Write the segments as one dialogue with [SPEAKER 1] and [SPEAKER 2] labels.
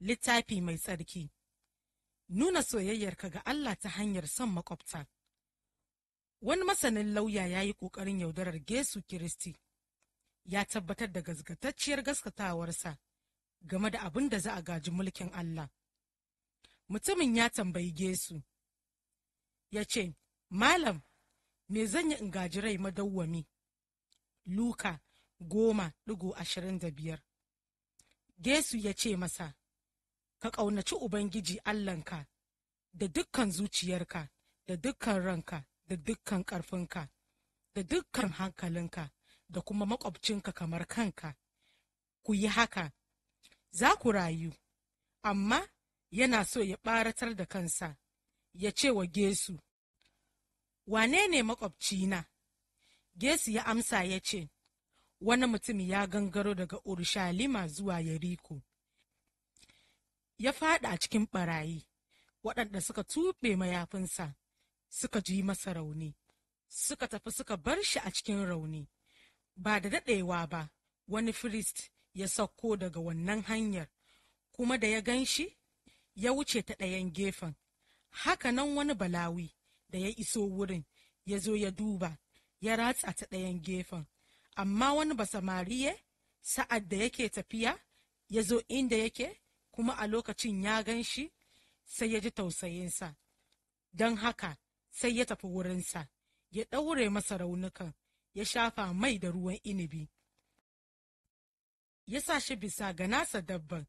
[SPEAKER 1] littafi mai tsarki nuna soyayyar ka ga Allah ta hanyar son makwabta wani masanin lauya ya yi ƙoƙarin yaudarar Gesu Kiristi ya tabbatar da gazgatacciyar gaskatawarsa game da abin da za a gaji mulkin Allah mutumin ya tambayi Gesu ya ce malam me zan yi in gaji rai madawwami Luka goma ɗigo ashirin da biyar. Gesu ya ce masa, ka ƙaunaci ubangiji allahnka da dukkan zuciyarka da dukkan ranka da dukkan ƙarfinka da dukkan hankalinka da kuma maƙwabcinka kamar kanka ku yi haka za ku rayu amma yana so ya ɓaratar da kansa ya ce wa gesu wane ne makwabcina gesu ya amsa ya ce wani mutum ya gangaro daga urushalima zuwa yeriko ya faɗi a cikin barayi waɗanda suka tuɓe mayafinsa suka ji masa rauni suka tafi suka bar shi a cikin rauni ba da daɗewa ba wani firist ya sauko daga wannan hanyar kuma da ya gan shi ya wuce ta ɗayan gefen haka nan wani balawi da ya iso wurin ya zo ya duba ya ratsa ta ɗayan gefen amma wani basamariye sa'ad da yake tafiya ya zo inda yake kuma a lokacin ya gan shi sai ya ji tausayinsa don haka sai ya tafi wurinsa ya ɗaure masa raunukan ya shafa mai da ruwan inibi ya sa shi bisa ga nasa dabban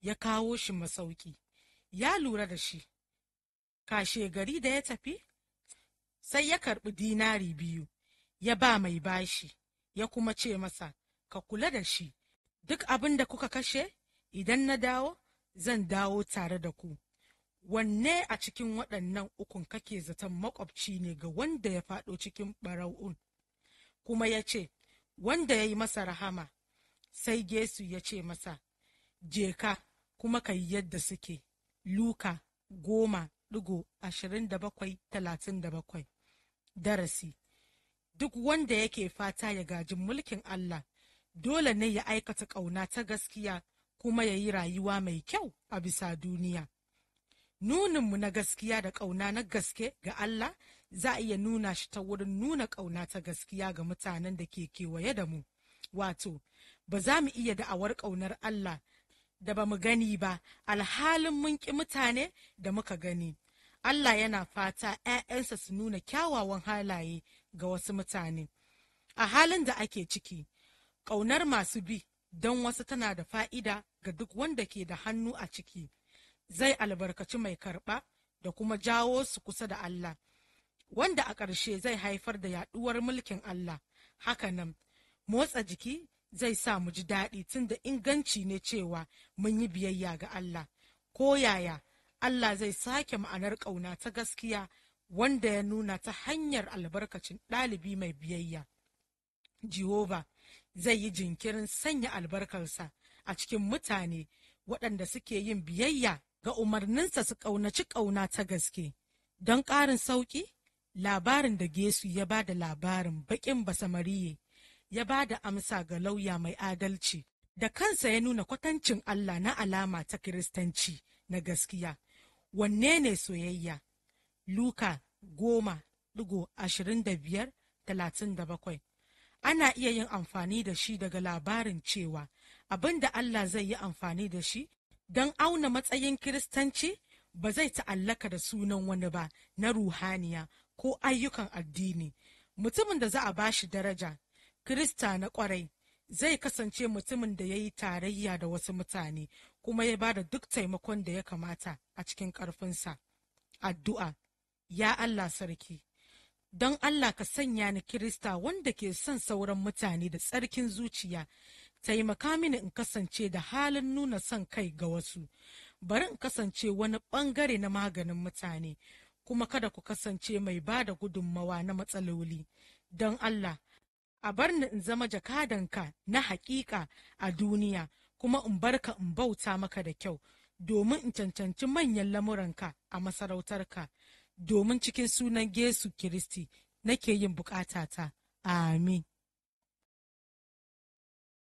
[SPEAKER 1] ya kawo shi masauki ya lura da shi kashe gari da ya tafi sai ya karɓi dinari biyu ya ba mai bashi ya kuma ce masa ka kula da shi duk abin da kuka kashe idan na dawo zan dawo tare da ku wanne a cikin waɗannan ukun kake zaton makwabci ne ga wanda ya faɗo cikin ɓarau'un kuma ya ce wanda ya yi masa rahama sai Gesu ya ce masa je ka kuma ka yi yadda suke luka goma ɗigo ashirin da bakwai talatin da bakwai darasi duk wanda yake fata ya gaji mulkin Allah dole ne ya aikata ƙauna ta gaskiya kuma ya yi rayuwa mai kyau a bisa duniya. Nuninmu na gaskiya da ƙauna na gaske ga Allah za a iya nuna shi ta wurin nuna ƙauna ta gaskiya ga mutanen da ke kewaye da mu. Wato, ba za mu iya da'awar ƙaunar Allah da ba mu gani ba, alhalin mun ƙi mutane da muka gani. Allah yana fata ‘ya'yansa su nuna kyawawan halaye ga wasu mutane. A halin da ake ciki, ƙaunar masu bi don wasu tana da fa'ida ga duk wanda ke da hannu a ciki zai albarkaci mai karɓa da kuma jawo su kusa da Allah wanda a ƙarshe zai haifar da yaɗuwar mulkin Allah haka nan motsa jiki zai sa mu ji daɗi tun da inganci ne cewa mun yi biyayya ga Allah ko yaya Allah zai sake ma'anar ƙauna ta gaskiya wanda ya nuna ta hanyar albarkacin ɗalibi mai biyayya Jehovah. zai yi jinkirin sanya albarkarsa a cikin mutane waɗanda suke yin biyayya ga umarninsa su ƙaunaci ƙauna ta gaske. Don ƙarin sauƙi, labarin da Gesu ya ba da labarin baƙin basamariye ya ba da amsa ga lauya mai adalci, da kansa ya nuna kwatancin Allah na alama ta Kiristanci na gaskiya. Wanne ne soyayya? Luka goma ɗigo ashirin da biyar talatin da bakwai. ana iya yin amfani da shi daga labarin cewa abin da Allah zai yi amfani da shi don auna matsayin Kiristanci ba zai ta'allaka da sunan wani ba na ruhaniya ko ayyukan addini. Mutumin da za a bashi daraja, Kirista na kwarai, zai kasance mutumin da ya yi tarayya da wasu mutane kuma ya ba da duk taimakon da ya kamata a cikin ƙarfinsa. Addu'a, ya Allah sarki, don Allah ka sanya ni Kirista wanda ke son sauran mutane da tsarkin zuciya, taimaka mini in kasance da halin nuna son kai ga wasu, bari in kasance wani ɓangare na maganin mutane, kuma kada ku kasance mai ba da gudunmawa na matsaloli, don Allah, a bar ni in zama jakadanka na haƙiƙa a duniya, kuma in barka in bauta maka da kyau, domin in cancanci manyan lamuranka a masarautarka. domin cikin sunan Yesu Kiristi nake yin bukatata. Amin.